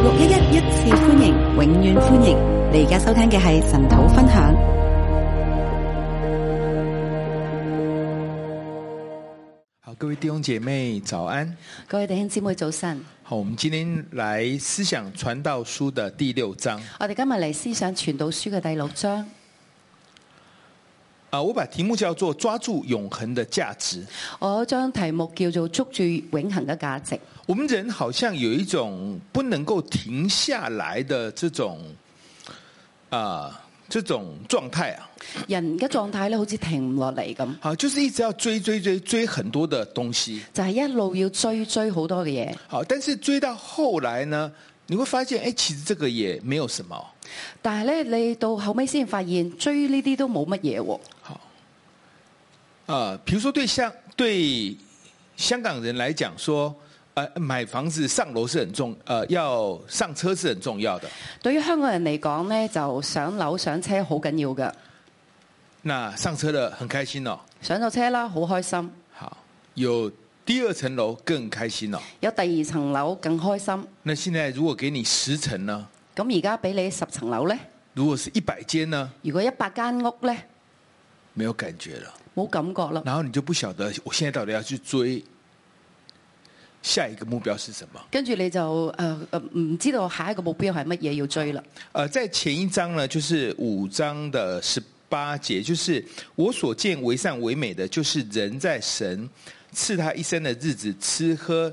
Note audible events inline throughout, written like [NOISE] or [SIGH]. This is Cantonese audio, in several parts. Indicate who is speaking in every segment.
Speaker 1: 六一一一次歡迎，永遠歡迎你。你而家收聽嘅係神土
Speaker 2: 分享。好，各位弟兄姐妹早安，各位弟兄姊妹早晨。好，我們今天嚟思想傳道書的第六章。
Speaker 1: 我哋今日嚟思想傳道書嘅第六章。
Speaker 2: 啊！我把題目叫做抓住永恒的價值。
Speaker 1: 我將題目叫做捉住永恒嘅價值。
Speaker 2: 我們人好像有一種不能夠停下來的這種啊、呃，這種狀態啊。
Speaker 1: 人嘅狀態咧，好似停唔落嚟咁。
Speaker 2: 就是一直要追追追追很多的東西，
Speaker 1: 就是一路要追追好多嘅嘢。
Speaker 2: 好，但是追到後來呢，你會發現，哎，其實這個也沒有什麼。
Speaker 1: 但係咧，你到後尾先發現，追呢啲都冇乜嘢。
Speaker 2: 啊，譬、呃、如說對香對香港人來講說，說、呃，買房子上樓是很重，要、呃。要上車是很重要的。
Speaker 1: 對於香港人嚟講呢，就上樓上車好緊要㗎。
Speaker 2: 那上車了，很開心咯、
Speaker 1: 哦。上咗車啦，好開心。
Speaker 2: 好，有第二層樓更開心咯、哦。有第二層樓更開心。那現在如果給你十層呢？咁而家畀你十層樓呢？如果是一百間呢？如果一百間屋呢？沒有感覺了。冇感覺啦，然後你就不曉得，我現在到底要去追，下一個目標是什麼？
Speaker 1: 跟住你就誒誒，呃，唔知道下一個目標係乜嘢要追啦。誒、
Speaker 2: 呃，在前一章呢，就是五章的十八節，就是我所見為善為美的，就是人在神賜他一生的日子吃喝，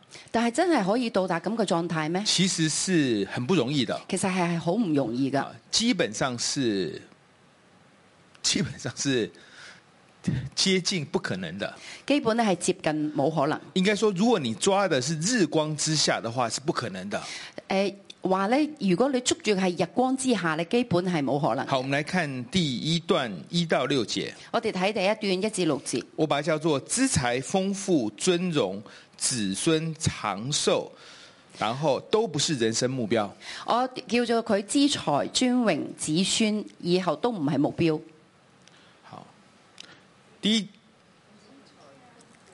Speaker 1: 但係真係可以到達咁嘅狀態咩？
Speaker 2: 其實是很不容易的。其實係係好唔容易嘅。基本上是基本上是接近不可能的。基本咧係接近冇可能。應該說，如果你抓的是日光之下的話，是不可能的。
Speaker 1: 誒、話咧，如果你捉住係日光之下，你基本係冇可能。
Speaker 2: 好，我們來看第一段一到六節。
Speaker 1: 我哋睇第一段一
Speaker 2: 至六節。我把它叫做資財豐富尊榮。子孫長壽，然後都不是人生目標。
Speaker 1: 我叫做佢資財尊榮子孫，以後都唔
Speaker 2: 係目標。好，第一.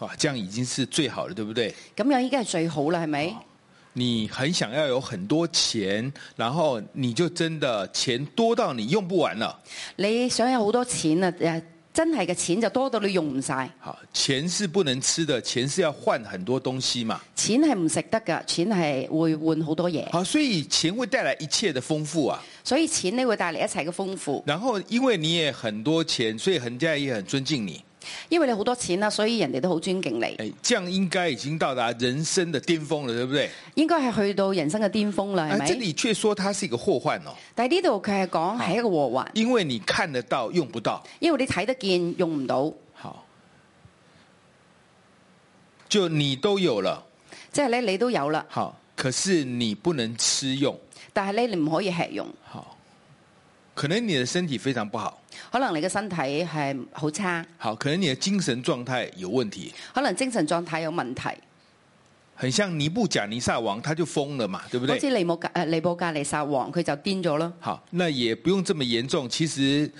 Speaker 2: 哇，這樣已經是最好了，對不對？咁樣已經係最好啦，係咪？你很想要有很多錢，然後你就真的錢多到你用不完了。你想有好多
Speaker 1: 錢啊？啊真係嘅錢就多到你用唔晒。好、
Speaker 2: 哦，錢是不能吃的，錢是要換很多東西嘛。
Speaker 1: 錢係唔食得㗎，錢係會換好多嘢。好、哦，所以錢
Speaker 2: 會帶來一切的豐富啊。所以錢呢會帶來一切嘅豐富。然後因為你也很多錢，所以人家也很尊敬你。因為你好多
Speaker 1: 錢啦，所以人哋都好尊敬你。誒，
Speaker 2: 這樣應該已經到達人生的巔峰了，對不對？
Speaker 1: 應該係去到人生嘅巔峰啦，係咪？但係你
Speaker 2: 卻說它是一個禍患哦。
Speaker 1: 但係呢度佢係講係一個禍患，
Speaker 2: 因為你看得到用不到，
Speaker 1: 因為你睇得見用唔到。
Speaker 2: 好，就你都有了，
Speaker 1: 即係咧你，你都有啦。
Speaker 2: 好，可是你不能吃用，
Speaker 1: 但係咧你唔可以吃用。
Speaker 2: 好。可能你的身體非常不好，
Speaker 1: 可能你嘅身體係好差，
Speaker 2: 好可能你的精神狀態有問題，
Speaker 1: 可能精神狀態有問題，
Speaker 2: 很像尼布甲尼撒王，他就瘋了嘛，對不對？好似尼
Speaker 1: 木格誒布甲尼撒王佢就癲咗咯，
Speaker 2: 好，那也不用這麼嚴重，其實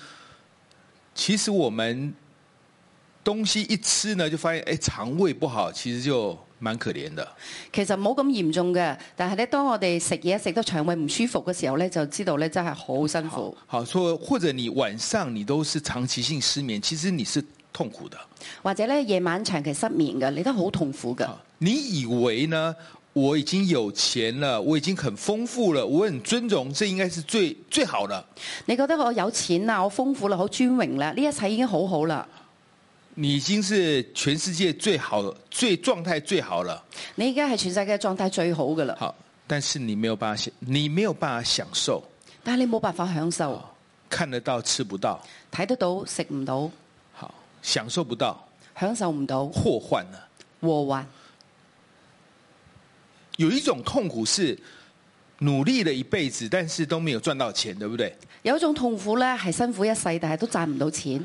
Speaker 2: 其實我們東西一吃呢，就發現誒、哎、腸胃不好，其實就。蠻可憐的，
Speaker 1: 其實冇咁嚴重嘅，但係咧，當我哋食嘢食到腸胃唔舒服嘅時候咧，就知道咧真係好辛苦。
Speaker 2: 好，或或者你晚上你都是長期性失眠，其實你是痛苦的。
Speaker 1: 或者咧夜晚長期失眠嘅，你都好痛
Speaker 2: 苦嘅。你以為呢？我已經有錢了，我已經很豐富了，我很尊重，這應該是最最好的。
Speaker 1: 你覺得我有錢啦，我豐富了，好尊榮啦，呢一切已經好好了。
Speaker 2: 你已經是全世界最好、最狀態最好了。你應該是全世界的狀態最好嘅啦。好，但是你沒有辦法享，你沒有辦法享受。但係你冇辦法享受，看得，看得到，吃不到，睇得到，食唔到。好，享受不到，享受唔到。禍患啦，禍患。有一種痛苦是努力了一輩子，但是都沒有賺到錢，對不對？
Speaker 1: 有一種痛苦呢，係辛苦一世，但係都賺唔到錢。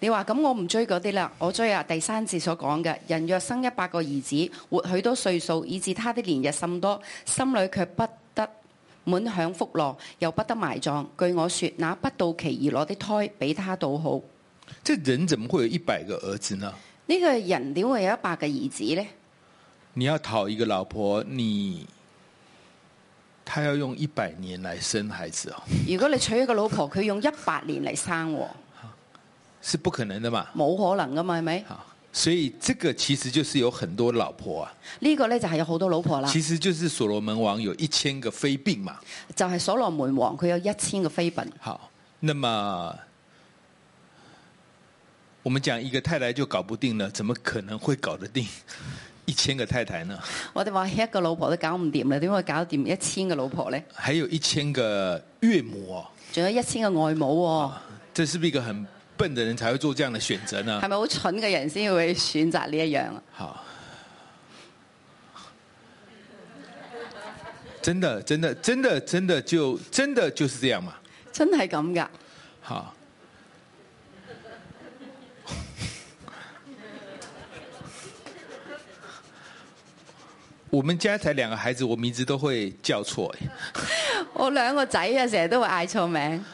Speaker 1: 你話咁，我唔追嗰啲啦，我追啊！第三節所講嘅，人若生一百個兒子，活許多歲數，以致他的年日甚多，心裏卻不得滿享福樂，又不得埋葬。據我說，那不到期而攞的胎，比他倒好。
Speaker 2: 即人怎麼會有一百個兒子呢？
Speaker 1: 呢個人點會有一百個兒子呢？
Speaker 2: 你要討一個老婆，你，他要用一百年來生孩子
Speaker 1: [LAUGHS] 如果你娶一個老婆，佢用一百年嚟生。
Speaker 2: 是不可能的，可能的
Speaker 1: 嘛？冇可能噶嘛，係咪？
Speaker 2: 所以這個其實就是有很多老婆啊。
Speaker 1: 呢個呢，就係有好多老婆啦。其
Speaker 2: 實就是所羅門王有一千個妃嬪嘛。就是所羅門
Speaker 1: 王佢有一千個妃嬪。
Speaker 2: 好，那麼我們講一個太太就搞不定了，怎麼可能會搞得定一千個太太呢？
Speaker 1: 我哋話一個老婆都搞唔掂啦，點會搞掂一千個老婆呢？
Speaker 2: 還有一千個岳母，哦。啊，仲有一千個外母，哦。這是不是一個很？笨的人才會做這樣的選擇呢？係咪
Speaker 1: 好蠢嘅人先會選擇呢一樣？
Speaker 2: 好，真的，真的，真的，真的就真的就是這樣嗎？
Speaker 1: 真係咁噶？
Speaker 2: 好， [LAUGHS] 我們家才兩個孩子，我名字都會叫錯。
Speaker 1: [LAUGHS] 我兩個仔啊，成日都會嗌錯名。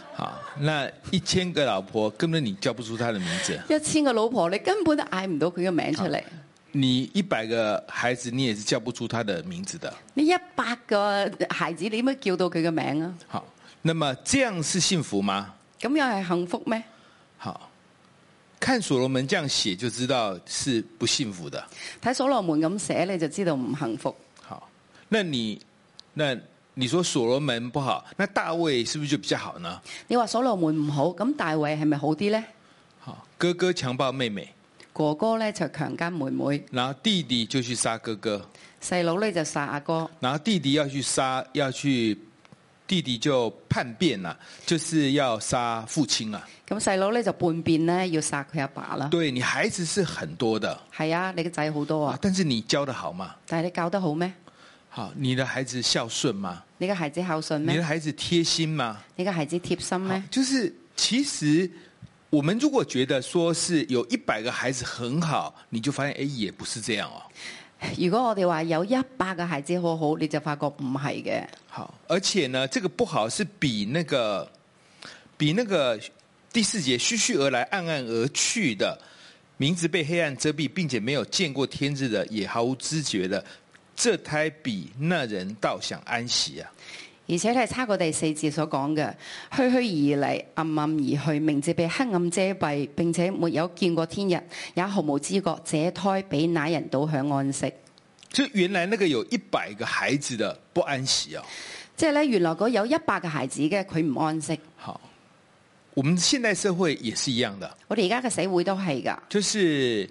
Speaker 2: 那一千個老婆根本你叫不出她的名字。
Speaker 1: 一千個老婆你根本都嗌唔到佢個名出嚟。
Speaker 2: 你一百個孩子你也是叫不出她的名字的。
Speaker 1: 你一百個孩子你點叫到佢個名啊？
Speaker 2: 好，那麼這樣是幸福嗎？
Speaker 1: 咁又係幸福咩？
Speaker 2: 好，看所羅門這樣寫就知道是不幸福的。
Speaker 1: 睇所羅門咁寫你就知道唔
Speaker 2: 幸福。好，那你那？你說所羅門不好，那大衛是不是就比較好呢？
Speaker 1: 你話所羅門唔好，咁大衛係咪好啲呢？
Speaker 2: 哥哥強暴妹妹，
Speaker 1: 哥哥呢就強奸妹妹，
Speaker 2: 然後弟弟就去殺哥哥，
Speaker 1: 細佬呢就殺阿哥，
Speaker 2: 然後弟弟要去殺，要去弟弟就叛變了，就是要殺父親啊！
Speaker 1: 咁細佬呢就叛變呢，要殺佢阿
Speaker 2: 爸啦。對，你孩子是很多的，係啊，你個仔好多啊、哦，但是你教得好嘛？但係你教得好咩？好，你的孩子孝順嗎？你的孩子孝順嗎？你的孩子貼心嗎？
Speaker 1: 你的孩子貼心嗎？
Speaker 2: 就是，其實我們如果覺得說是有一百個孩子很好，你就發現哎、欸，也不是這樣哦。
Speaker 1: 如果我哋話有一百個孩子好好，你就發覺唔係嘅。
Speaker 2: 好，而且呢，這個不好是比那個，比那個第四節徐徐而來、暗暗而去的，名字，被黑暗遮蔽，並且沒有見過天日的，也毫無知覺的。這胎比那人倒想安息啊！
Speaker 1: 而且係差過第四節所講嘅，虛虛而嚟，暗暗而去，名字被黑暗遮蔽，並且沒有見過天日，也毫無知覺。這胎比那人倒享安息。
Speaker 2: 就原來那個有一百個孩子的不安息啊！即係咧，原來嗰有一百個孩子嘅，佢唔安息。好，我們現代社會也是一樣的。我哋而家嘅社會都係噶。就是，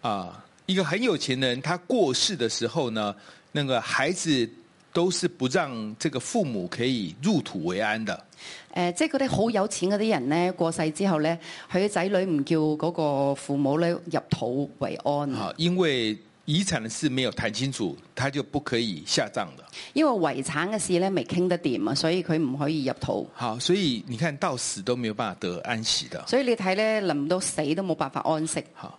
Speaker 2: 啊、呃。一個很有錢的人，他過世的時候呢，那個孩子都是不讓這個父母可以入土為安的。呃，
Speaker 1: 即係嗰啲好有錢嗰啲人呢，過世之後呢，佢仔女唔叫嗰個父母呢入土為安。啊，
Speaker 2: 因為遺產嘅事沒有談清楚，他就不可以下葬了。
Speaker 1: 因為遺產嘅事呢，未傾得掂啊，所以佢
Speaker 2: 唔可以入土。好，所以你看到死都沒有辦法得安息的。
Speaker 1: 所以你睇呢，臨到死都冇辦法安息。好。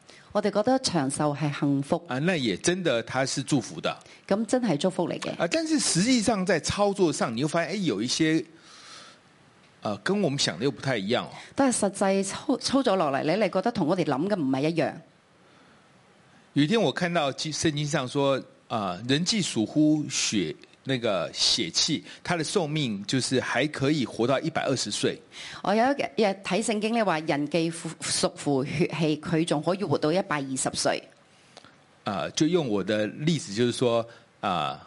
Speaker 2: 我哋覺得長壽係幸福啊！那也真的，他是祝福的。咁真係祝福嚟嘅。啊，但是實際上在操作上，你又發現，哎，有一些、呃，跟我們想的又不太一樣。
Speaker 1: 但係實際操操作落嚟，你哋覺得同我哋諗嘅唔係一樣。
Speaker 2: 有一天我看到聖經上說，啊、呃，人既屬乎血，那個血氣，它的壽命就是還可以活到一百二十歲。
Speaker 1: 我有一日睇聖經呢，話人既屬乎血氣，佢仲可以活到一百二十歲。啊、
Speaker 2: 呃，就用我的例子，就是說啊、呃，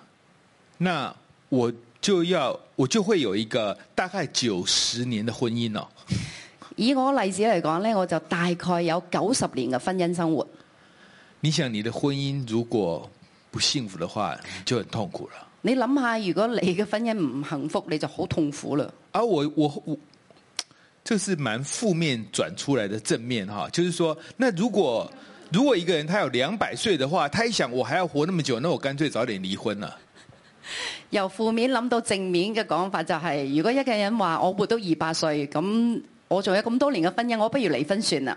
Speaker 2: 那我就要我就會有一個大概九十年的婚姻咯、
Speaker 1: 哦。以我例子嚟講呢，我就大概有九十年嘅婚姻生活。
Speaker 2: 你想你的婚姻如果不幸福的話，就很痛苦了。
Speaker 1: 你諗下，如果你嘅婚姻唔幸福，你就好痛苦了
Speaker 2: 啊，我我我，這是蠻負面轉出來的正面哈，就是說，那如果如果一個人他有兩百歲的話，他一想我還要活那麼久，那我乾脆早點離婚啦。
Speaker 1: 由負面諗到正面嘅講法就係、是，如果一個人話我活到二百歲，咁我仲有咁多年嘅婚姻，我不如離婚算啦。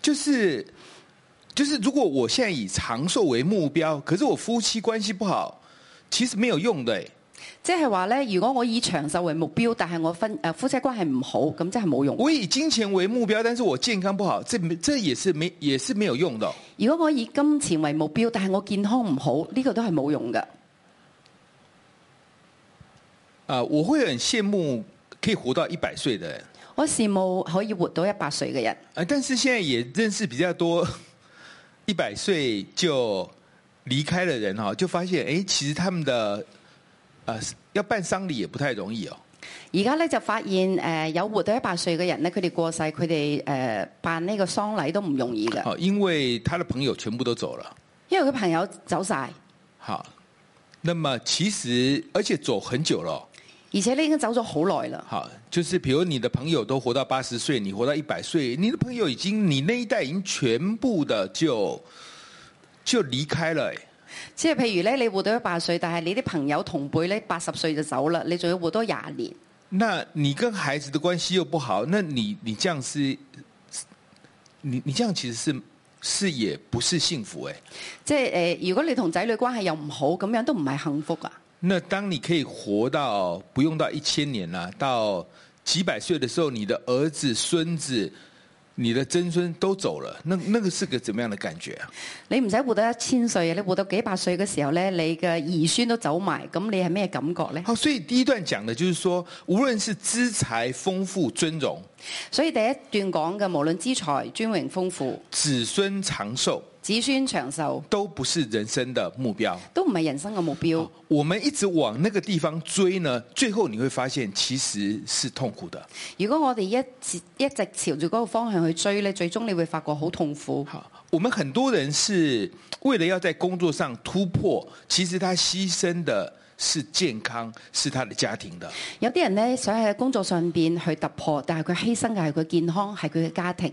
Speaker 2: 就是。就是如果我現在以長壽為目標，可是我夫妻關係不好，其實沒有用的。
Speaker 1: 即係話呢，如果我以長壽為目標，但係我分、呃、夫妻關係唔好，咁真係冇用的。我
Speaker 2: 以金錢為目標，但是我健康不好，這這也是沒也是沒有用的。
Speaker 1: 如果我以金錢為目標，但係我健康唔好，呢、呢個都係冇
Speaker 2: 用的啊、呃，我會很羨慕可以活到一百歲的人。我羨慕可以活到一百歲嘅人、呃。但是現在也認識比較多。一百歲就離開了人哦，就發現誒、欸，其實他們的，呃、要辦喪禮也不太容易哦。而家呢
Speaker 1: 就發現誒、呃，有活到一百歲嘅人呢，佢哋過世，佢哋誒辦呢個喪禮都唔
Speaker 2: 容易噶。哦，因為他的朋友全部都走了。
Speaker 1: 因為佢朋友走晒。
Speaker 2: 好，那麼其實而且走很久了
Speaker 1: 而且你已經走咗好耐了，了
Speaker 2: 好，就是譬如你的朋友都活到八十歲，你活到一百歲，你的朋友已經，你那一代已經全部的就就離開了。
Speaker 1: 即係譬如咧，你活到一百歲，但係你啲朋友同輩咧八十歲就走了，你仲要活多廿年。
Speaker 2: 那你跟孩子的關係又不好，那你你這樣是，你你這樣其實是是也不是幸福誒。即
Speaker 1: 係誒、呃，如果你同仔女關係又唔好，咁樣都唔係幸福啊。
Speaker 2: 那當你可以活到不用到一千年啦，到幾百歲的時候，你的兒子、孫子、你的曾孫都走了，那那個是個怎麼樣的感覺啊？
Speaker 1: 你唔使活到一千歲，你活到幾百歲嘅時候呢，你嘅兒孫都走埋，咁你係咩感覺呢？好，所以第一段講嘅就是說，無論是資
Speaker 2: 財豐富、尊榮，
Speaker 1: 所以第一段講嘅無論資財、尊榮、豐富、
Speaker 2: 子孫長壽。子孫長壽都不是人生的目標，都唔係人生嘅目標。我們一直往那個地方追呢，最後你會發現其實是痛苦的。
Speaker 1: 如果我哋一直一直朝住嗰個方向去追呢，最終你會發覺好
Speaker 2: 痛苦。好，我們很多人是為了要在工作上突破，其實他犧牲的是健康，是他的家庭的。
Speaker 1: 有啲人呢，想喺工作上邊去突破，但係佢犧牲嘅係佢健康，係佢嘅家庭。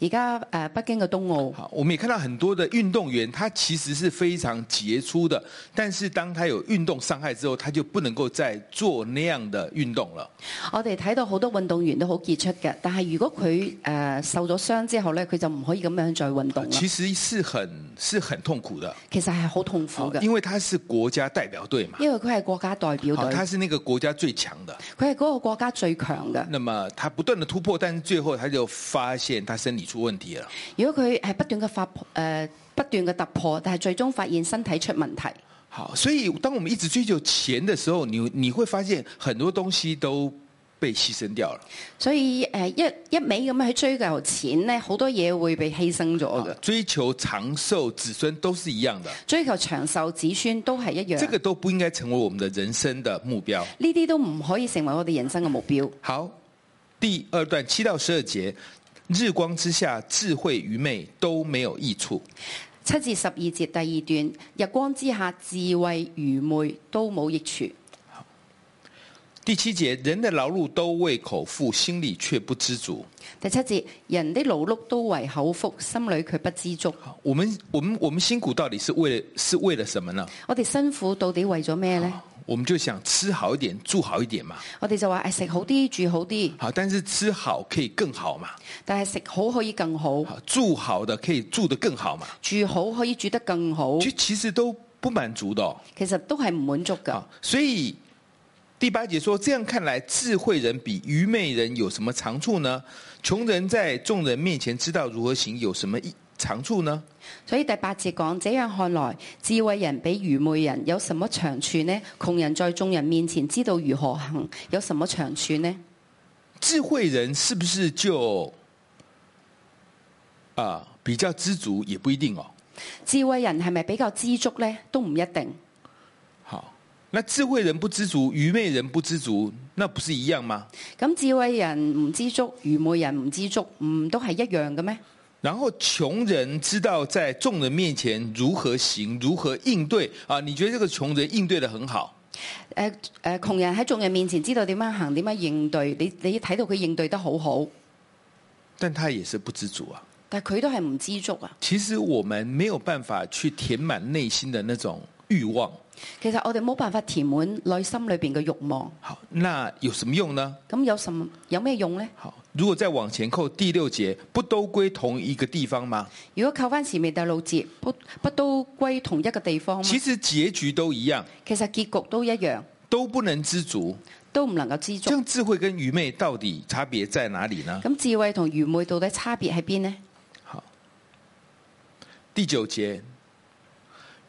Speaker 1: 而家誒北京嘅冬奧，好，
Speaker 2: 我們也看到很多的運動員，他其實是非常傑出的，但是當他有運動傷害之後，他就不能夠再做那樣的運動了。
Speaker 1: 我哋睇到好多運動員都好傑出嘅，但是如果佢誒、呃、受咗傷之後咧，佢就唔可以咁樣再運動。其
Speaker 2: 實是很是很痛苦的，
Speaker 1: 其實係好痛
Speaker 2: 苦嘅，因為他是國家代表隊嘛，
Speaker 1: 因為佢係國家代表隊，他是
Speaker 2: 那個國家最強的，
Speaker 1: 佢係嗰個國家最強嘅。
Speaker 2: 那麼他不斷的突破，但是最後他就發現他身體。出問題了。
Speaker 1: 如果佢係不斷嘅發，誒、呃、不斷嘅突破，但係最終發現身體出問題。
Speaker 2: 好，所以當我們一直追求錢的時候，你你會發現很多東西都被犧牲掉了。
Speaker 1: 所以誒、呃，一一味咁樣去追求錢呢，好多嘢會被犧牲咗。
Speaker 2: 追求長壽、子孫都是一樣的。
Speaker 1: 追求長壽、子孫都係一樣。這
Speaker 2: 個都不應該成為我們的人生的目標。呢啲都唔可以成為我哋人生嘅目標。好，第二段七到十二節。日光之下，智慧愚昧都沒有益處。
Speaker 1: 七至十二節第二段：日光之下，智慧愚昧都冇益處。
Speaker 2: 第七節：人的勞碌都為口腹，心裏卻不知足。第七節：
Speaker 1: 人的勞碌都為口腹，心裏卻不知足。我
Speaker 2: 們我們我們辛苦到底是為了是為了什麼呢？
Speaker 1: 我哋辛苦到底係為咗咩呢？
Speaker 2: 我們就想吃好一點，住好一點嘛。我哋就話哎，食好啲，住好啲。好，但是吃好可以更好嘛？但
Speaker 1: 係食好可以更好。好，住好的可以住得更好嘛？住好可以住得更好。
Speaker 2: 其實都不滿足的哦。其實都係唔滿足的。所以第八節說，這樣看來，智慧人比愚昧人有什麼長處呢？窮人在眾人面前知道如何行，有什麼意？長處呢？
Speaker 1: 所以第八節講，這樣看來，智慧人比愚昧人有什麼長處呢？窮人在眾人面前知道如何行，有什麼長處呢？
Speaker 2: 智慧人是不是就、啊、比較知足？也不一定哦。
Speaker 1: 智慧人係咪比較知足呢？都唔一定。
Speaker 2: 好，那智慧人不知足，愚昧人不知足，那不是一樣嗎？
Speaker 1: 咁智慧人唔知足，愚昧人唔知足，唔、嗯、都係一樣嘅咩？
Speaker 2: 然後窮人知道在眾人面前如何行，如何應對啊？你覺得這個窮人應對得很好？
Speaker 1: 誒誒，呃，窮人喺眾人面前知道點樣行，點樣應對，你你睇到佢應對得好好。
Speaker 2: 但他也是不知足啊。
Speaker 1: 但佢都係唔知足啊。
Speaker 2: 其實我們沒有辦法去填滿內心的那種慾望。
Speaker 1: 其實我哋冇辦法填滿內心裏邊嘅慾望。
Speaker 2: 好，那有什麼用呢？
Speaker 1: 咁有什麼有咩用呢？好。
Speaker 2: 如果再往前扣第六節，不都歸同一個地方嗎？
Speaker 1: 如果扣返前面第六節，不不都歸同一個地方嗎？其
Speaker 2: 實結局都一樣。其
Speaker 1: 實結局都一樣。
Speaker 2: 都不能知足，都唔能夠知足。像智慧跟愚昧到底差別在哪裏呢？
Speaker 1: 咁智慧同愚昧到底差別喺邊呢？好，
Speaker 2: 第九節。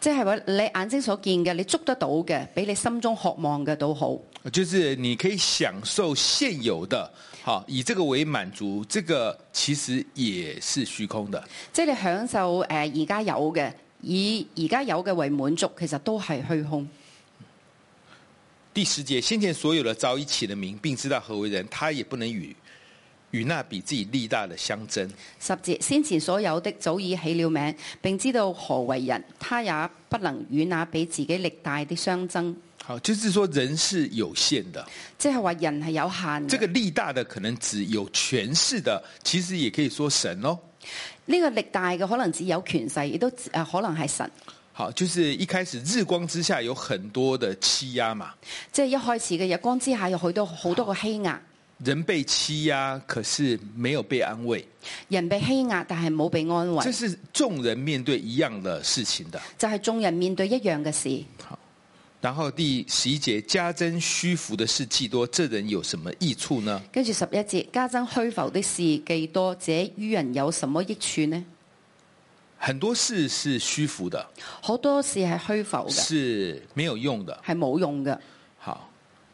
Speaker 1: 即係話你眼睛所見嘅，你捉得到嘅，比你心中渴望嘅都好。
Speaker 2: 就是你可以享受現有的，哈，以這個為滿足，這個其實也是虛空的。
Speaker 1: 即係你享受誒而家有嘅，以而家有嘅為滿足，其實都係虛空。
Speaker 2: 第十節，先前所有的早已起了名，並知道何為人，他也不能與與那比自己力大的相爭。
Speaker 1: 十節先前所有的早已起了名，並知道何為人，他也不能與那比自己力大的相爭。
Speaker 2: 好，就是說人是有限的。即係話人係有限。這個力大的可能只有權勢的，其實也可以說神咯。
Speaker 1: 呢個力大嘅可能只有權勢，亦都可能係神。
Speaker 2: 好，就是一開始日光之下有很多的欺壓嘛。
Speaker 1: 即係一開始嘅日光之下有好多好多個欺壓。
Speaker 2: 人被欺壓，可是沒有被安慰。
Speaker 1: 人被欺壓，但係冇被安慰。這是
Speaker 2: 眾人面對一樣的事情的。
Speaker 1: 就係眾人面對一樣嘅事。
Speaker 2: 好，然後第十一節：加增虛浮的事既多，這人有什麼益處呢？
Speaker 1: 跟住十一節：加增虛浮的事既多，這於人有什麼益處呢？
Speaker 2: 很多事是虛浮的。好多事係虛浮嘅。是沒有用的，係冇用嘅。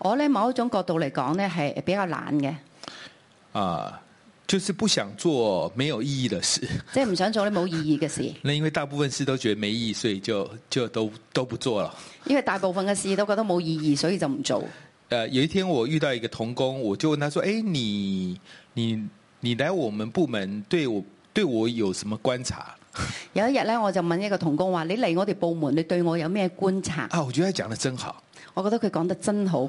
Speaker 1: 我呢某一種角度嚟講呢，係比較懶嘅。
Speaker 2: 啊、呃，就是不想做沒有意義的事。 [LAUGHS]
Speaker 1: 即係唔想做啲冇意義嘅事。
Speaker 2: 那因為大部分事都覺得沒意義，所以就就都都不做了。
Speaker 1: 因為大部分嘅事都覺得冇意義，所以就唔做、
Speaker 2: 呃。有一天我遇到一個同工，我就問他說：，誒、哎，你你你來我們部門，對我對我有什麼觀察？
Speaker 1: [LAUGHS] 有一日呢，我就問一個同工話：，你嚟我哋部門，你對我有咩觀察？啊，我覺得佢講得
Speaker 2: 真好。
Speaker 1: 我覺得佢講得真好。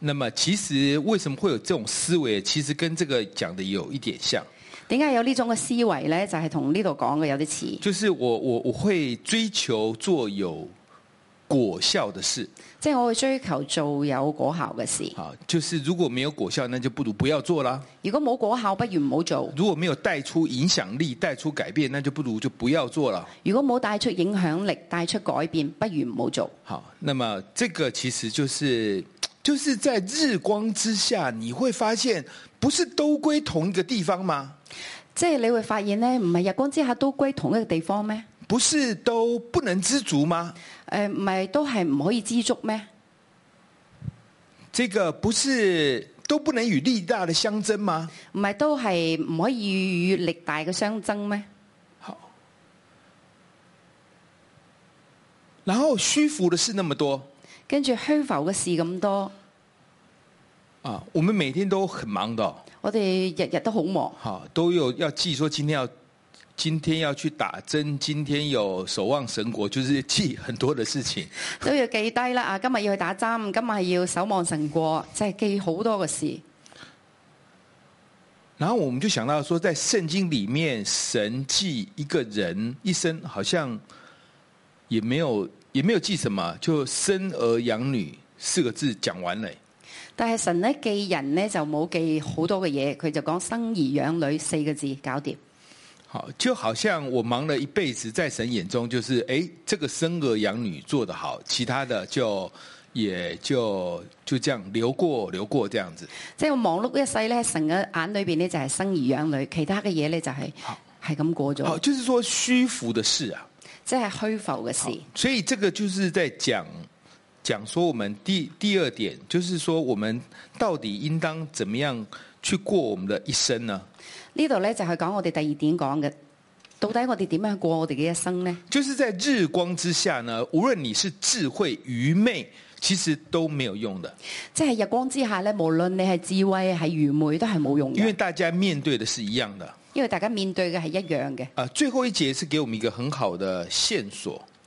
Speaker 2: 那麼其實為什麼會有這種思維？其實跟這個講的有一點像。點解有呢種嘅思維呢？就係同呢度講嘅有啲似。就是我我我會追求做有果
Speaker 1: 效的事，即係我會追求做有果效嘅事。好，
Speaker 2: 就是如果沒有果效，那就不如不要做啦。如果冇果效，不如唔好做。如果沒有帶出影響力、帶出改變，那就不如就不要做了。如果冇帶出影響力、
Speaker 1: 帶出改變，不如唔好做。
Speaker 2: 好，那麼這個其實就是。就是在日光之下，你會發現，不是都歸同一個地方嗎？
Speaker 1: 即係你會發現咧，唔係日光之下都歸同一個地方咩？
Speaker 2: 不是都不能知足嗎？
Speaker 1: 誒、呃，唔係都係唔可以知足咩？
Speaker 2: 這個不是都不能與
Speaker 1: 力大的相爭嗎？唔係都係唔可以與力大嘅相爭咩？
Speaker 2: 好。然後虛浮的事那麼多，
Speaker 1: 跟住虛浮嘅事咁多。
Speaker 2: 啊、我們每天都很忙的、哦，
Speaker 1: 我哋日日都好忙、
Speaker 2: 啊，都有要記，說今天要今天要去打針，今天有守望神國，就是記很多的事情，都
Speaker 1: 要記低了啊，今日要去打針，今日要守望神國，即係記好多嘅事。
Speaker 2: 然後我們就想到說，在聖經裏面，神記一個人一生，好像也沒有也沒有記什麼，就生兒養女四個字講完嘞。
Speaker 1: 但係神咧，記人呢，就冇記好多嘅嘢，佢就講生兒養女四個字搞掂。
Speaker 2: 好，就好像我忙了一輩子，在神眼中就是，誒、欸，這個生兒養女做得好，其他的就也就就這樣流過流過，流過這樣子。即係我忙
Speaker 1: 碌一世咧，神嘅眼裏邊呢，就係生兒養女，其他嘅嘢咧就係係咁過
Speaker 2: 咗。哦，就是說虛浮、啊、就是虛浮的事啊，即係虛浮嘅事。所以，這個就是在講。講說我們第第二點，就是說我們到底應當怎麼樣去過我們的一生呢？
Speaker 1: 呢度呢，就係、是、講我哋第二點講嘅，到底我哋點樣過我哋嘅一生呢？
Speaker 2: 就是在日光之下呢，無論你是智慧愚昧，其實都沒有用的。
Speaker 1: 即係日光之下呢，無論你係智慧係愚昧，都係冇用
Speaker 2: 的。因為大家面對的是一樣的，
Speaker 1: 因為大家面對嘅係一樣嘅。
Speaker 2: 啊，最後一節是給我們一個很好的線索。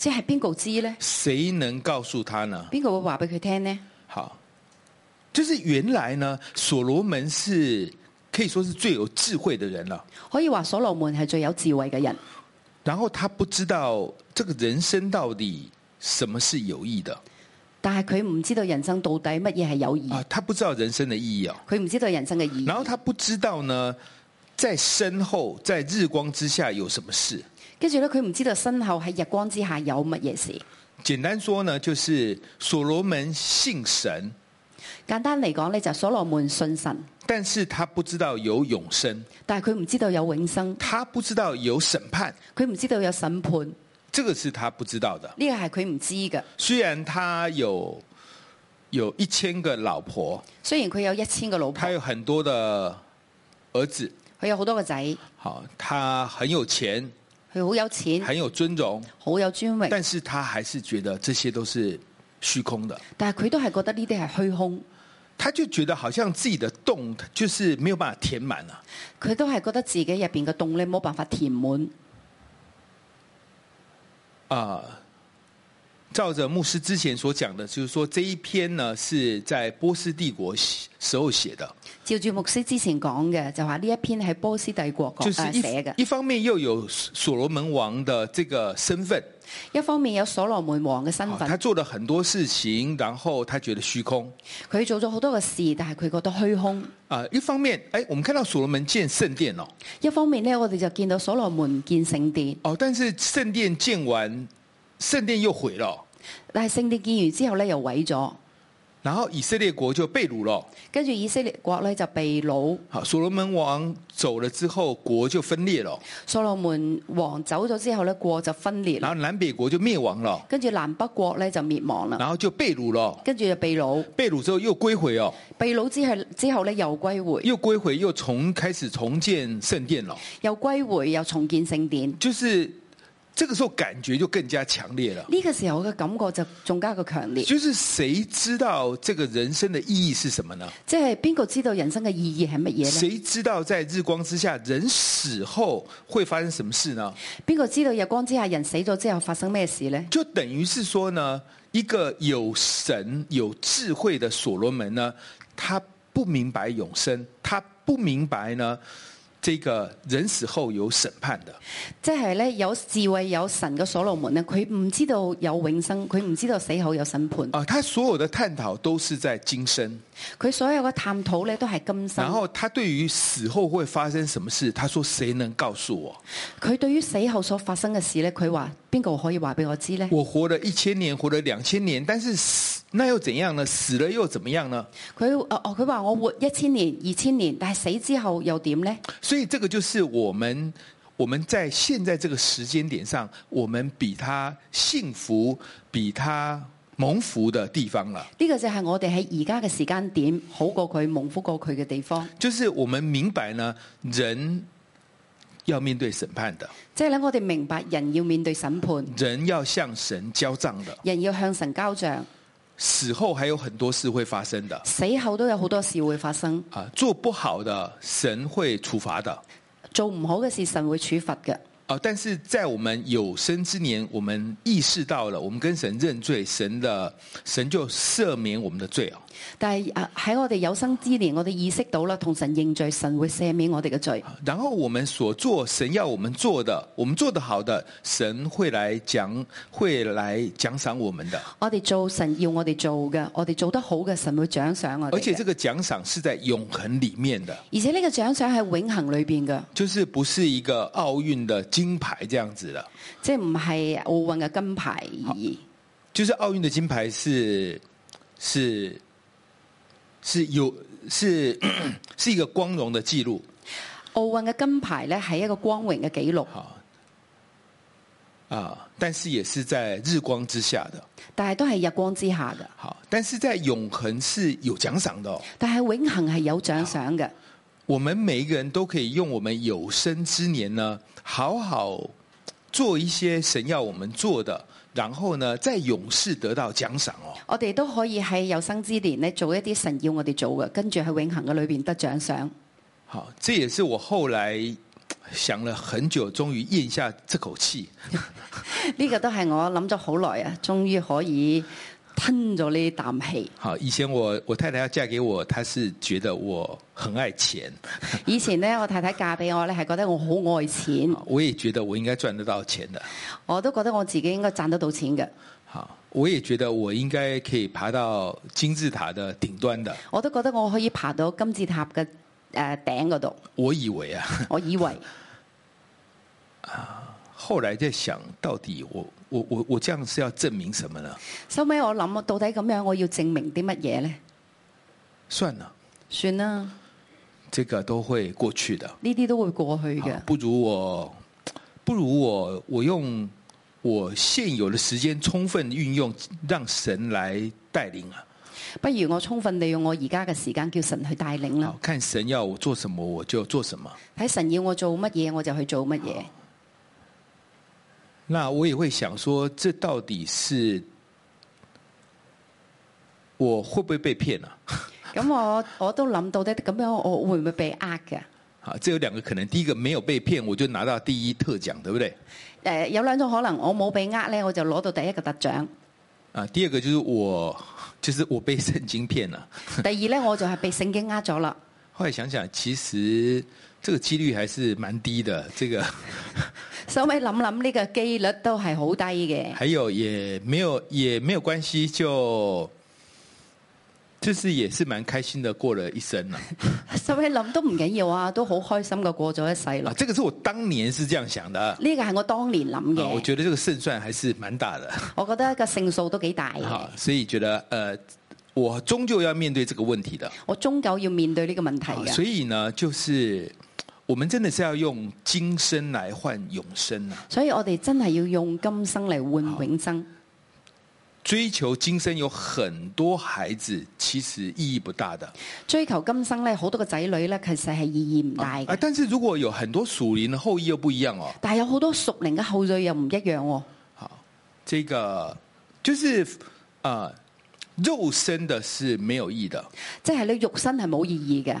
Speaker 1: 即係邊個知呢？
Speaker 2: 誰能告訴他呢？
Speaker 1: 邊個會話俾佢聽呢？
Speaker 2: 好，就是原來呢，所羅門是可以說是最有智慧的人了。可以話所羅門係最有智慧嘅人。然後他不知道這個人生到底什麼是有益的。但係佢唔知道人生到
Speaker 1: 底乜嘢係有
Speaker 2: 益啊？他不知道人生的意義啊、哦？佢唔知道人生嘅意義。然後他不知道呢，在身後，在日光之下有什麼事。
Speaker 1: 跟住咧，佢唔知道身後喺日光之下有
Speaker 2: 乜嘢事。簡單說呢，就是所羅門信神。
Speaker 1: 簡單嚟講呢，就所羅門信神，
Speaker 2: 但是他不知道有永生。但係
Speaker 1: 佢唔知道有永生。他不知道
Speaker 2: 有審判。
Speaker 1: 佢唔知道有審
Speaker 2: 判。這個是他不知道的。呢個
Speaker 1: 係佢唔知嘅。
Speaker 2: 雖然他有有一千個老婆，雖然佢有一千個老婆，他有很多的兒子，佢有好多個仔。好，他很有錢。佢好有錢，很有尊榮，好有尊榮，但是他還是覺得這些都是虛空的。
Speaker 1: 但係佢都係覺得呢啲係虛空，
Speaker 2: 他就覺得好像自己的洞就是沒有辦法填滿啦。佢都係覺得自
Speaker 1: 己入邊嘅洞你冇辦法填滿。
Speaker 2: 啊。Uh, 照着牧師之前所講的，就是說這一篇呢是在波斯帝國時候寫的。
Speaker 1: 照住牧師之前講嘅，就話呢一篇係波斯帝國，
Speaker 2: 國就是寫嘅的。一方面又有所羅門王的這個身份，
Speaker 1: 一方面有所羅門王嘅身
Speaker 2: 份，啊。他做了很多事情，然後他覺得虛空。
Speaker 1: 佢做咗好多嘅事，但係佢覺得虛空。
Speaker 2: 啊，一方面，誒、哎，我們看到所羅門建聖殿咯，哦。一方面呢，我哋就見到所羅門建聖殿。哦，但是聖殿建完。聖殿又毀了，
Speaker 1: 但係聖殿建完之後呢，又毀咗，
Speaker 2: 然後以色列國就被擄咯。
Speaker 1: 跟住以色列國呢，就被擄，
Speaker 2: 哈，所羅門王走了之後，國就分裂咯。
Speaker 1: 所羅門王走咗之後呢，國就分裂，然
Speaker 2: 後南北國就滅亡咯。
Speaker 1: 跟住南北國呢，就滅亡了，然
Speaker 2: 後就被擄咯，跟住就被擄，被擄之後又歸回哦，被擄之後之後呢又歸回，又歸回又重開始重建聖殿咯，又歸回又重建聖殿，就是。這個時候感覺就更加強烈了。
Speaker 1: 呢個時候嘅感覺就仲加個強烈。
Speaker 2: 就是誰知道這個人生嘅意義是什麼呢？
Speaker 1: 即係邊個知道人生嘅意義係乜嘢呢？誰
Speaker 2: 知道在日光之下人死後會發生什麼事呢？
Speaker 1: 邊個知道日光之下人死咗之後發生咩事呢？
Speaker 2: 就等於是說呢，一個有神有智慧嘅所羅門呢，他不明白永生，他不明白呢。這個人死後有審判的，
Speaker 1: 即係咧有智慧有神嘅所羅門咧，佢唔知道有永生，佢唔知道死後有審判。
Speaker 2: 啊，他所有的探討都是在今生，
Speaker 1: 佢所有嘅探討咧都係今生。然
Speaker 2: 後，他對於死後會發生什麼事，他說：誰能告訴我？
Speaker 1: 佢對於死後所發生嘅事咧，佢話邊個可以話俾我知
Speaker 2: 咧？我活了一千年，活了兩千年，但是。那又怎樣呢？死了又怎麼樣呢？佢，佢、哦、話我活一千年，二千年，但係死之後又點呢？所以，這個就是我們我們在現在這個時間點上，我們比他幸福、比他蒙福的地方了。
Speaker 1: 呢個就係我哋喺而家嘅時間點好過佢、蒙福過佢嘅地方。
Speaker 2: 就是我們明白呢，人要面對審判的。
Speaker 1: 即係呢，我哋明白人要面對審判，
Speaker 2: 人要向神交賬的，
Speaker 1: 人要向神交賬。
Speaker 2: 死後還有很多事會發生的。死後都有好多事會發生。啊，做不好的，神會處罰的。做唔好嘅事，神會處罰嘅。啊，但是在我們有生之年，我們意識到了，我們跟神認罪，神的神就赦免我們的罪啊。
Speaker 1: 但係喺，啊、我哋有生之年，我哋意識到啦，同神認罪，神會赦免我哋嘅罪。
Speaker 2: 然後我們所做，神要我們做的，我們做得好的，神會來講，會來獎賞我們的。
Speaker 1: 我哋做神要我哋做嘅，我哋做得好嘅，神會獎賞我哋。而且這個
Speaker 2: 獎賞是在永恆裏面的。而
Speaker 1: 且呢個獎賞係永恆裏邊的，
Speaker 2: 就是不是一個奧運的金牌這樣子的，
Speaker 1: 即係唔係奧運嘅金牌
Speaker 2: 而已。而，就是奧運的金牌是是。是有是是一個光榮的記錄，
Speaker 1: 奧運嘅金牌咧，係一個光榮嘅記錄。好，
Speaker 2: 啊，但是也是在日光之下的，
Speaker 1: 但係都係日光之下的。好，
Speaker 2: 但是在永恒是有獎賞的哦，但係永恒係有獎賞嘅。我們每一個人都可以用我們有生之年呢，好好做一些神要我們做的。然後呢，在勇士得到獎賞哦。
Speaker 1: 我哋都可以喺有生之年呢做一啲神要我哋做嘅，跟住喺永恒嘅裏邊得獎賞。
Speaker 2: 好，這也是我後來想了很久，終於嚥下這口氣。
Speaker 1: 呢 [LAUGHS] [LAUGHS] 個都係我諗咗好耐啊，終於可以。 [LAUGHS] 吞咗呢啖氣。
Speaker 2: 好，以前我我太太要嫁給我，她是覺得我很愛錢。
Speaker 1: [LAUGHS] 以前呢，我太太嫁俾我呢，係覺得
Speaker 2: 我好愛錢。我也覺得我應該賺得到錢的。我都覺得我自己應該賺得到錢嘅。我也覺得我應該可以爬到金字塔的頂端的。
Speaker 1: 我都覺得我可以爬到金字塔嘅頂嗰度。
Speaker 2: 我以為啊，我以為，後來再想到底我。我我我這樣是要證明什麼呢？
Speaker 1: 收尾我諗，我到底咁樣我要證明啲乜嘢呢？算啦，算啦，
Speaker 2: 這個都會過去的。
Speaker 1: 呢啲都會過去嘅。
Speaker 2: 不如我，不如我，我用我現有的時間充分運用，讓神來帶領啊！
Speaker 1: 不如我充分利用我而家嘅時間，叫神去帶領啦。
Speaker 2: 看神要我做什麼，我就做什麼。
Speaker 1: 睇神要我做乜嘢，我就去做乜嘢。
Speaker 2: 那我也會想說，這到底是我會不會被騙啊？
Speaker 1: 咁我我都諗到咧，咁樣我會唔會被呃嘅？
Speaker 2: 好，這有兩個可能，第一個沒有被騙，我就拿到第一特獎，對不對？
Speaker 1: 誒、呃，有兩種可能，我冇被呃呢，我就攞到第一個特獎。
Speaker 2: 啊，第二個就是我，就是我被聖經騙了。 [LAUGHS]
Speaker 1: 第二呢，我就係被聖經呃咗啦。
Speaker 2: [LAUGHS] 後來想想，其實。這個幾率還是蠻低的，這個。
Speaker 1: 稍微諗諗呢個幾率都係好低嘅。
Speaker 2: 還有也沒有也沒有關係，就就是也是蠻開心的過了一生啦。
Speaker 1: 稍微諗都唔緊要啊，都好開心嘅過咗一世啦。
Speaker 2: 啊，這個是我當年是這樣想的。
Speaker 1: 呢個係我當年諗嘅。呃，我
Speaker 2: 覺得這個勝算還是蠻大的。
Speaker 1: 我覺得個勝數都幾大嘅。啊，
Speaker 2: 所以覺得，呃，我終究要面對這個問題的。
Speaker 1: 我終究要面對呢個問題的。啊，所
Speaker 2: 以呢，就是。我們真的是要用今生來換永生啊！
Speaker 1: 所以我哋真係要用今生嚟換永生。
Speaker 2: 追求今生有很多孩子其實意義不大的。
Speaker 1: 追求今生呢，好多個仔女呢，其實係意義唔大嘅，啊。
Speaker 2: 但是如果有很多屬靈後裔又不一樣哦，啊。
Speaker 1: 但係有好多屬靈嘅後裔又唔一樣，啊。好，
Speaker 2: 這個就是，呃、肉身的是沒有意義的。即係你肉身係冇意義嘅。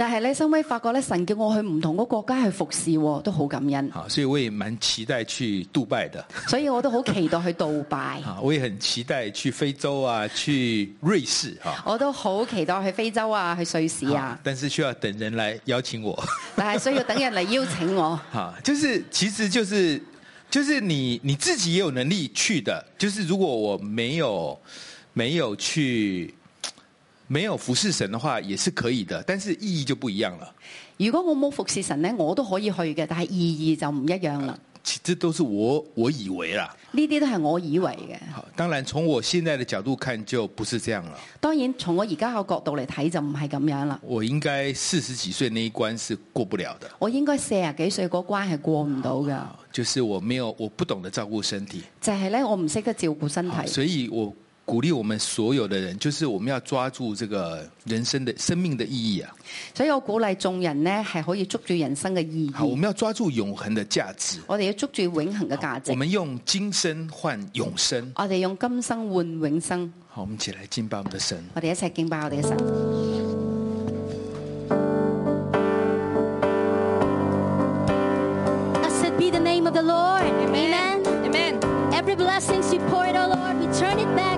Speaker 1: 但係呢，後尾發覺呢，神叫我去唔同嘅國家去服侍，哦，都好感
Speaker 2: 恩。啊，所以我也蠻期待去杜拜的。
Speaker 1: [LAUGHS] 所以我都好期待去杜拜。
Speaker 2: 啊，我也很期待去非洲啊，去瑞士啊。
Speaker 1: 我都好期待去非洲啊，去瑞士啊，啊。
Speaker 2: 但是需要等人來邀請我。
Speaker 1: [LAUGHS] 但係，需要等人來邀請我。
Speaker 2: 就是，其實就是，就是你你自己也有能力去的。就是如果我沒有，沒有去。沒有服侍神的話也是可以的，但是意義就不一樣了。
Speaker 1: 如果我冇服侍神呢，我都可以去嘅，但是意義就唔一樣了。
Speaker 2: 其實都是我我以為啦。
Speaker 1: 呢啲都係我以為嘅。好，
Speaker 2: 當然從我現在的角度看就不是這樣了。
Speaker 1: 當然從我而家個角度嚟睇就唔係咁樣了。
Speaker 2: 我應該四十幾歲那一關是過不了的。
Speaker 1: 我應該四十幾歲嗰關係過唔到
Speaker 2: 㗎。就是我沒有我不懂得照顧身體。
Speaker 1: 就係咧，我唔識得照顧身體。所
Speaker 2: 以我。鼓勵我們所有的人，就是我們要抓住這個人生的、生命的意義啊！
Speaker 1: 所以我鼓勵眾人呢，係可以捉住人生嘅意義。好，我們
Speaker 2: 要抓住永恆的價值。
Speaker 1: 我哋要抓住永恆嘅價值。我們
Speaker 2: 用今生換永生。
Speaker 1: 我哋用今生換永生。
Speaker 2: 好，我們一起來敬拜我們的神。
Speaker 1: 我哋一齊敬拜我哋嘅神。I said, "Be the
Speaker 3: name of the Lord." Amen. Amen. Amen. Every blessing support, O Lord, we turn it back.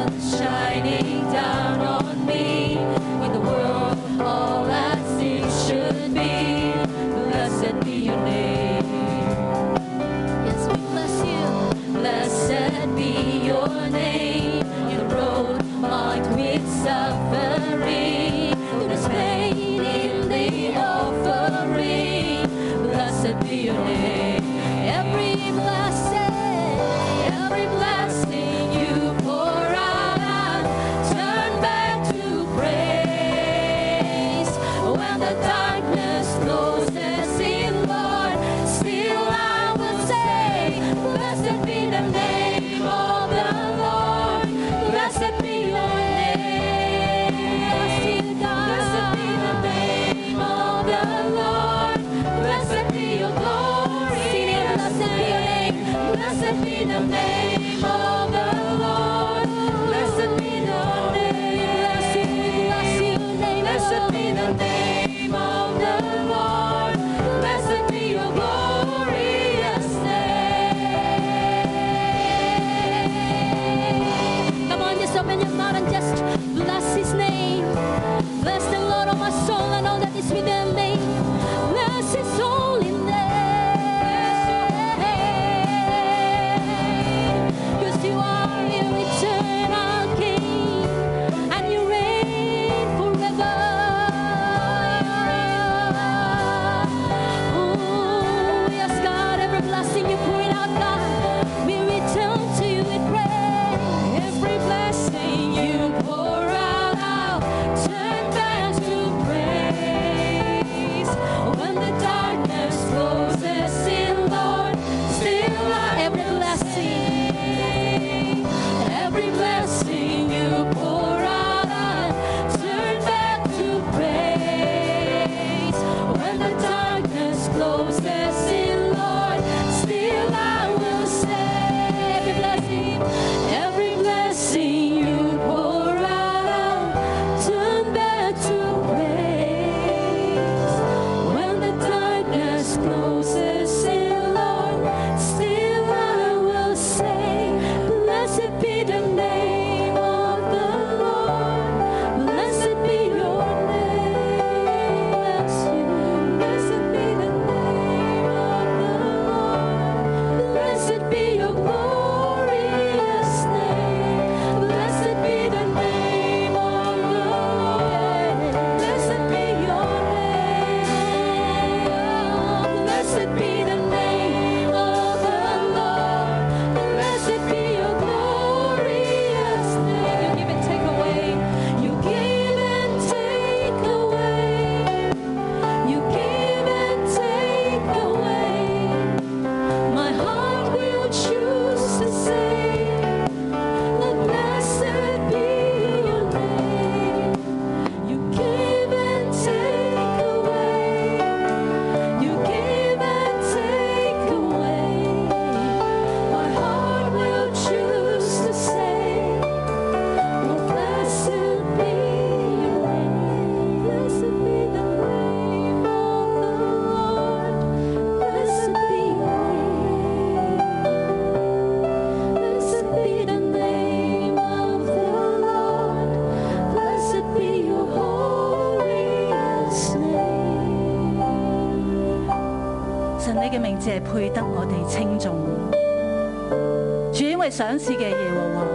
Speaker 4: 賞賜嘅耶和華，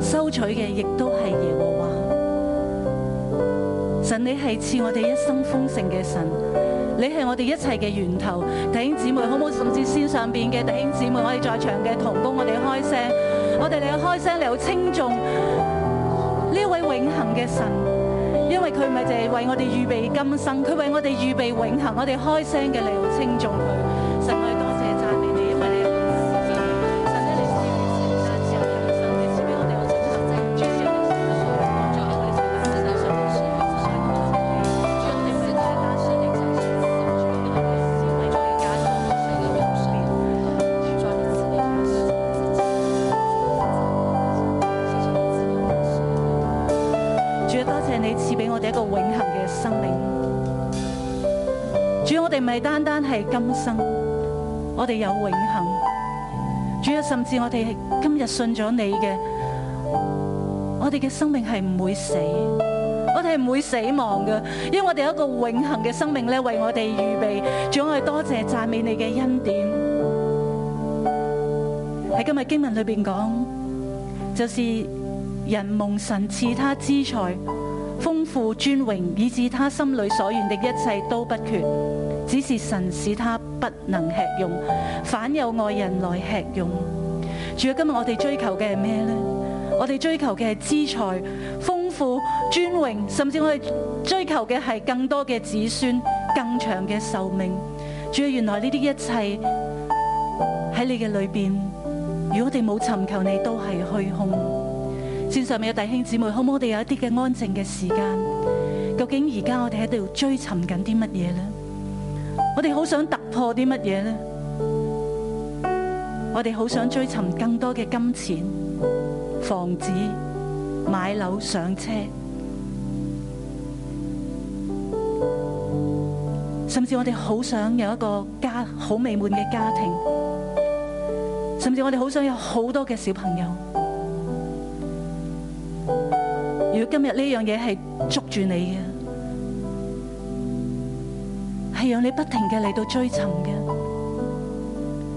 Speaker 4: 收取嘅亦都係耶和華。神你係賜我哋一生豐盛嘅神，你係我哋一切嘅源頭。弟兄姊妹，好唔好？甚至線上邊嘅弟兄姊妹，我哋在場嘅同工，我哋開聲，我哋嚟開聲嚟好稱頌呢位永恆嘅神，因為佢咪就係為我哋預備今生，佢為我哋預備永恆。我哋開聲嘅嚟好稱頌佢。單單係今生，我哋有永恒。主要，甚至我哋今日信咗你嘅，我哋嘅生命係唔會死，我哋係唔會死亡嘅，因為我哋有一個永恒嘅生命咧，為我哋預備。主要係多謝讚美你嘅恩典。喺今日經文裏邊講，就是人蒙神賜他資財，豐富尊榮，以致他心裏所願的一切都不缺。只是神使他不能吃用，反有外人來吃用。主要今日，我哋追求嘅係咩咧？我哋追求嘅係資財、豐富、尊榮，甚至我哋追求嘅係更多嘅子孫、更長嘅壽命。主要原來呢啲一切喺你嘅裏邊，如果我哋冇尋求你，都係虛空。線上面有弟兄姊妹，可唔可以我哋有一啲嘅安靜嘅時間？究竟而家我哋喺度追尋緊啲乜嘢咧？我哋好想突破啲乜嘢呢？我哋好想追尋更多嘅金錢、房子、買樓、上車，甚至我哋好想有一個家，好美滿嘅家庭，甚至我哋好想有好多嘅小朋友。如果今日呢樣嘢係捉住你嘅，是讓你不停嘅嚟到追尋的，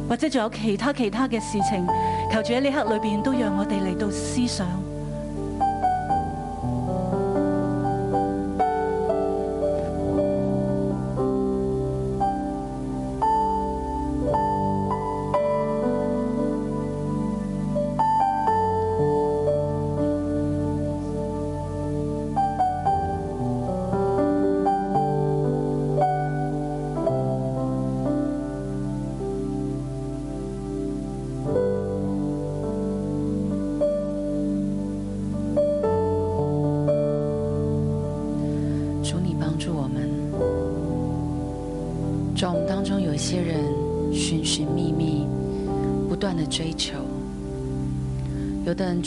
Speaker 4: 或者仲有其他其他嘅事情，求主喺呢刻裏面都讓我哋嚟到思想。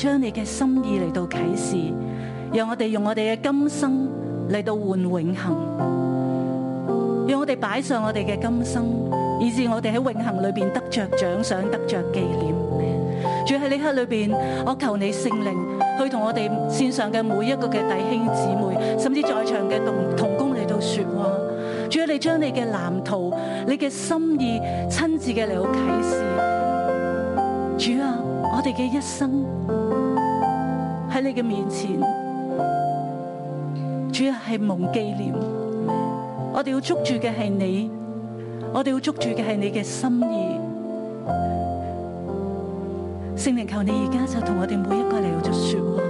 Speaker 4: 將你嘅心意嚟到啟示，讓我哋用我哋嘅今生嚟到換永恆，讓我哋擺上我哋嘅今生，以至我哋喺永恆裏邊得着獎賞，得着紀念。主喺呢刻裏邊，我求你聖靈去同我哋綫上嘅每一個嘅弟兄姊妹，甚至在場嘅同工嚟到說話。主啊，你將你嘅藍圖、你嘅心意親自嘅嚟到啟示。主啊，我哋嘅一生。在你嘅面前，主要係蒙紀念。我哋要捉住嘅係你，我哋要捉住嘅係你嘅心意。聖靈，求你而家就同我哋每一個嚟到就說話。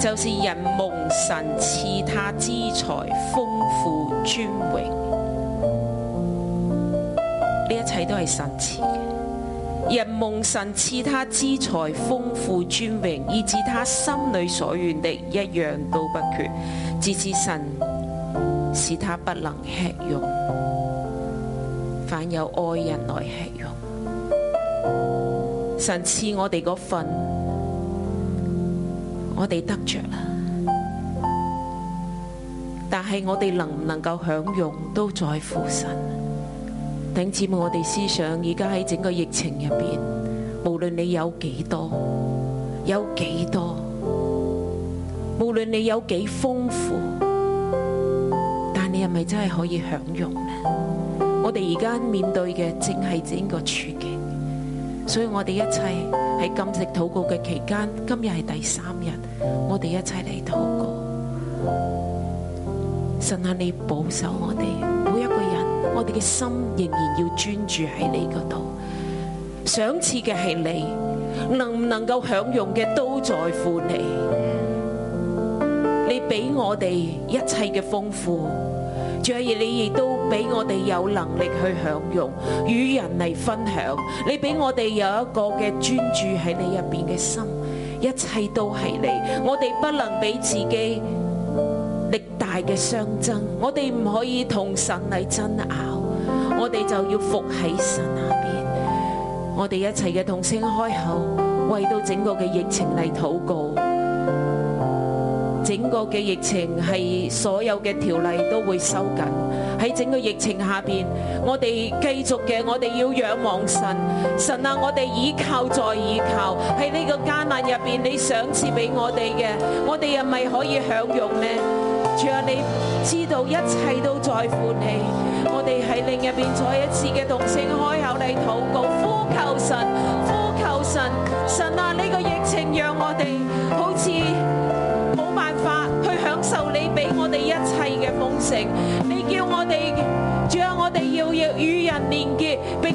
Speaker 5: 就是人蒙神賜他資財豐富尊榮，呢一切都係神賜嘅。人蒙神賜他資財豐富尊榮，以致他心裏所願的一樣都不缺，自至神使他不能吃用，反有愛人來吃用。神賜我哋嗰份。我哋得着啦，但係我哋能唔能夠享用，都在乎神。弟兄姊妹，我哋思想，而家喺整個疫情入邊，無論你有幾多，有幾多，無論你有幾豐富，但你係咪真係可以享用呢？我哋而家面對嘅正係整個全。所以我哋一切喺禁食禱告嘅期間，今日係第三日，我哋一齊嚟禱告。神啊，你保守我哋每一個人，我哋嘅心仍然要專注喺你度。賞賜嘅係你，能唔能夠享用嘅都在乎你。你俾我哋一切嘅豐富，仲而你亦都。俾我哋有能力去享用，與人嚟分享。你俾我哋有一個嘅專注喺你入邊嘅心，一切都係你。我哋不能俾自己力大嘅相爭，我哋唔可以同神嚟爭拗，我哋就要服喺神下邊。我哋一齊嘅同聲開口，為到整個嘅疫情嚟禱告。整個嘅疫情係所有嘅條例都會收緊。喺整個疫情下面，我哋繼續嘅，我哋要仰望神，神啊，我哋倚靠再倚靠。喺呢個艱難入面，你賞賜畀我哋嘅，我哋又咪可以享用呢？只要你知道一切都在乎你，我哋喺另一邊再一次嘅同聲開口嚟禱告，呼求神，呼求神，神啊！呢、這個疫情讓我哋好似冇辦法去享受你畀我哋一切嘅豐盛。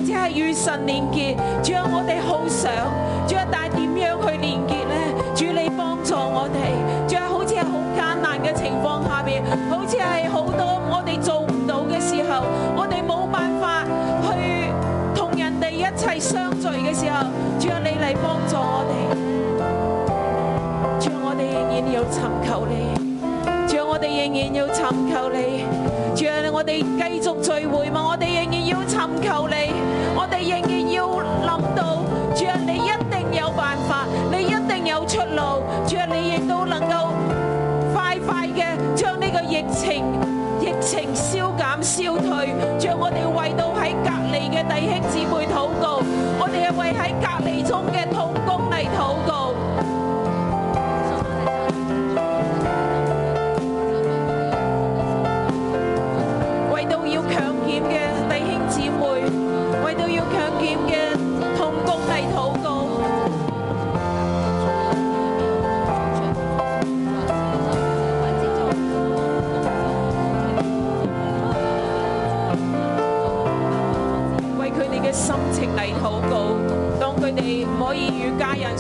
Speaker 5: 只即係與神連結，主啊，我哋好想，主啊，但係點樣去連結咧？主你幫助我哋，主啊，好似係好艱難嘅情況下邊，好似係好多我哋做唔到嘅時候，我哋冇辦法去同人哋一齊相聚嘅時候，主啊，你嚟幫助我哋，主啊，我哋仍然要尋求你，主啊，我哋仍然要尋求你。主我哋繼續聚會嘛，我哋仍然要尋求你，我哋仍然要諗到，主啊，你一定有辦法，你一定有出路，主啊，你亦都能夠快快嘅將呢個疫情疫情消減消退，主我哋為到喺隔離嘅弟兄姊妹禱告，我哋係為喺隔離中嘅同工嚟禱告。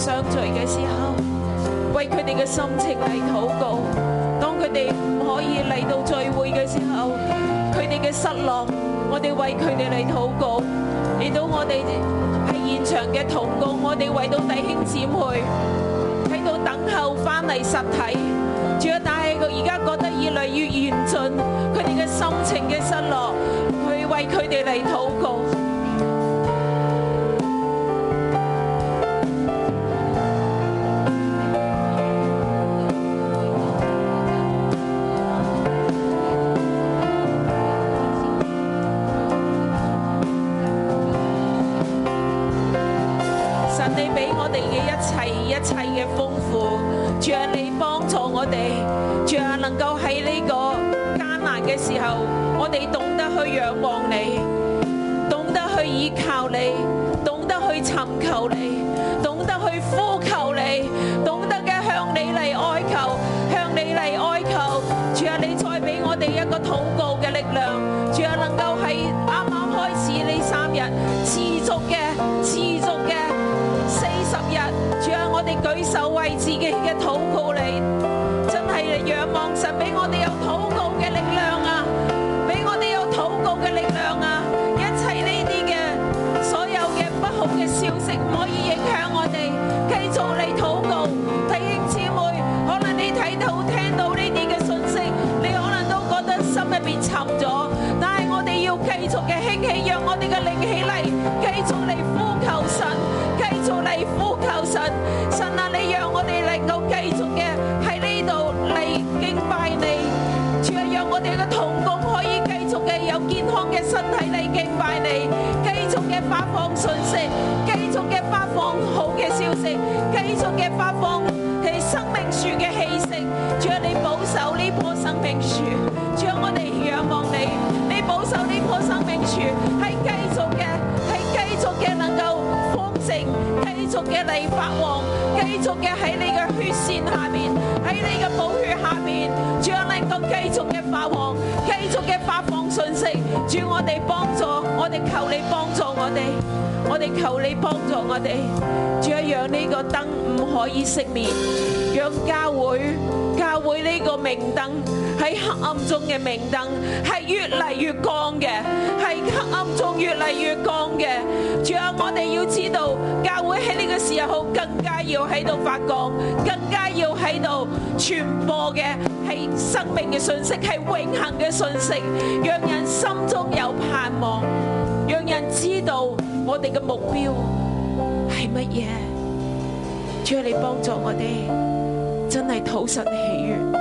Speaker 5: 相聚嘅時候，為佢哋嘅心情嚟禱告；當佢哋唔可以嚟到聚會嘅時候，佢哋嘅失落，我哋為佢哋嚟禱告；嚟到我哋喺現場嘅禱告，我哋為到弟兄姊妹喺度等候翻嚟實體，仲要帶起佢而家覺得來越嚟越嚴峻，佢哋嘅心情嘅失落，去為佢哋嚟禱告。生命樹，主我哋仰望你，你保守呢棵生命樹，係繼續嘅，係繼續嘅能夠豐盛，繼續嘅嚟發旺，繼續嘅喺你嘅血線下面，喺你嘅寶血下面，主能夠繼續嘅發旺，繼續嘅發放信息，主我哋幫助，我哋求你幫助我哋，我哋求你幫助我哋，主要讓呢個燈唔可以熄滅，讓教會。教會，呢個明燈喺黑暗中嘅明燈係越嚟越光嘅，係黑暗中越嚟越光嘅。仲有我哋要知道，教會喺呢個時候更加要喺度發光，更加要喺度傳播嘅係生命嘅信息，係永恒嘅信息，讓人心中有盼望，讓人知道我哋嘅目標係乜嘢。主要你幫助我哋。真係討神喜悅，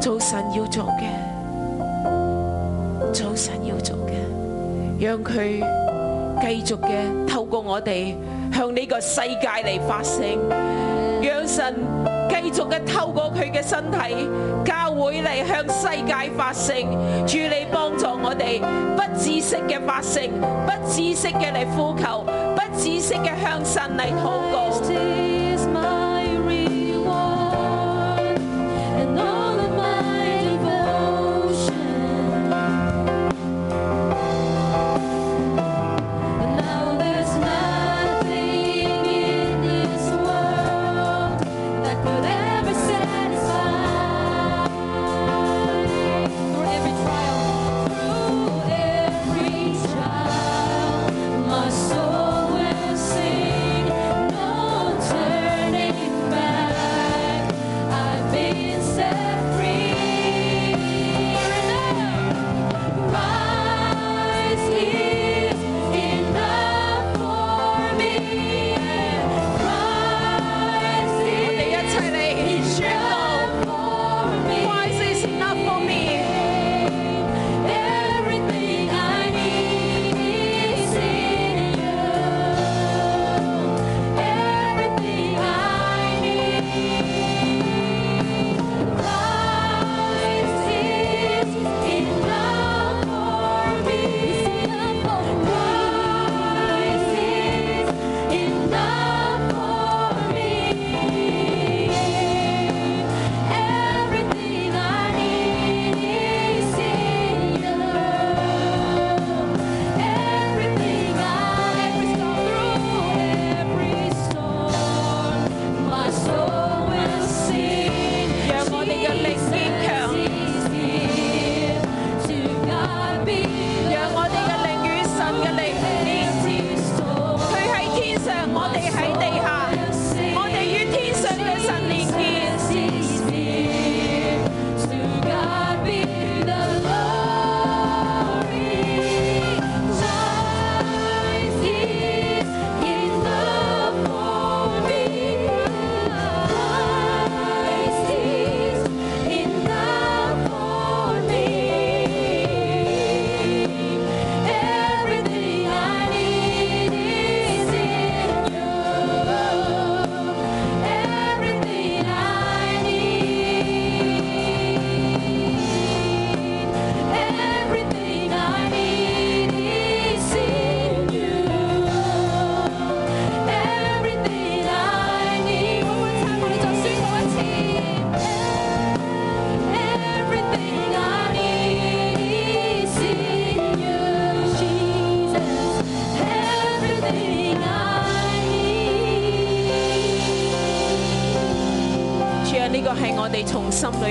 Speaker 5: 做神要做嘅，做神要做嘅，讓佢繼續嘅透過我哋向呢個世界嚟發聲，讓神繼續嘅透過佢嘅身體教會嚟向世界發聲，助力幫助我哋不知識嘅發聲，不知識嘅嚟呼求，不知識嘅向神嚟禱告。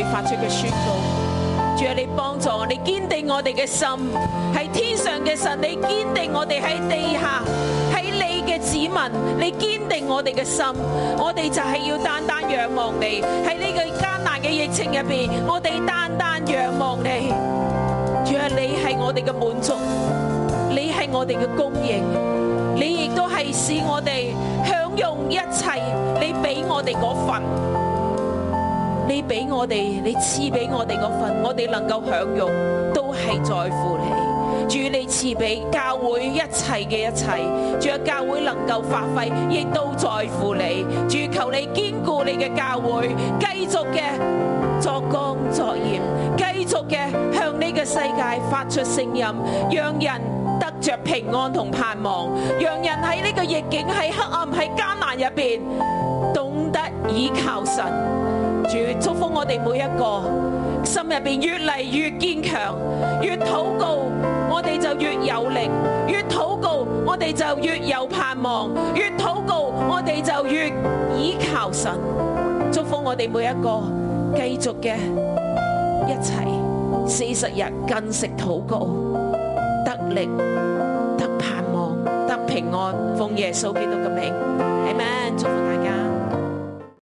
Speaker 5: 發出嘅宣告，仲有你幫助我，你堅定我哋嘅心，係天上嘅神，你堅定我哋喺地下，係你嘅子民，你堅定我哋嘅心，我哋就係要單單仰望你。喺呢個艱難嘅疫情入邊，我哋單單仰望你。仲有你係我哋嘅滿足，你係我哋嘅供應，你亦都係使我哋享用一切你俾我哋嗰份。俾我哋，你賜俾我哋嗰份，我哋能夠享用，都係在乎你。主，你賜俾教會一切嘅一切，主，教會能夠發揮，亦都在乎你。主，求你堅固你嘅教會，繼續嘅作光作鹽，繼續嘅向呢個世界發出聲音，讓人得着平安同盼望，讓人喺呢個逆境、喺黑暗、喺艱難入邊，懂得依靠神。主祝福我哋每一個心入邊越嚟越堅強，越禱告我哋就越有力，越禱告我哋就越有盼望，越禱告我哋就越倚靠神。祝福我哋每一個，繼續嘅一齊四十日禁食禱告，得力、得盼望、得平安，奉耶穌基督嘅名，阿門。祝福大家。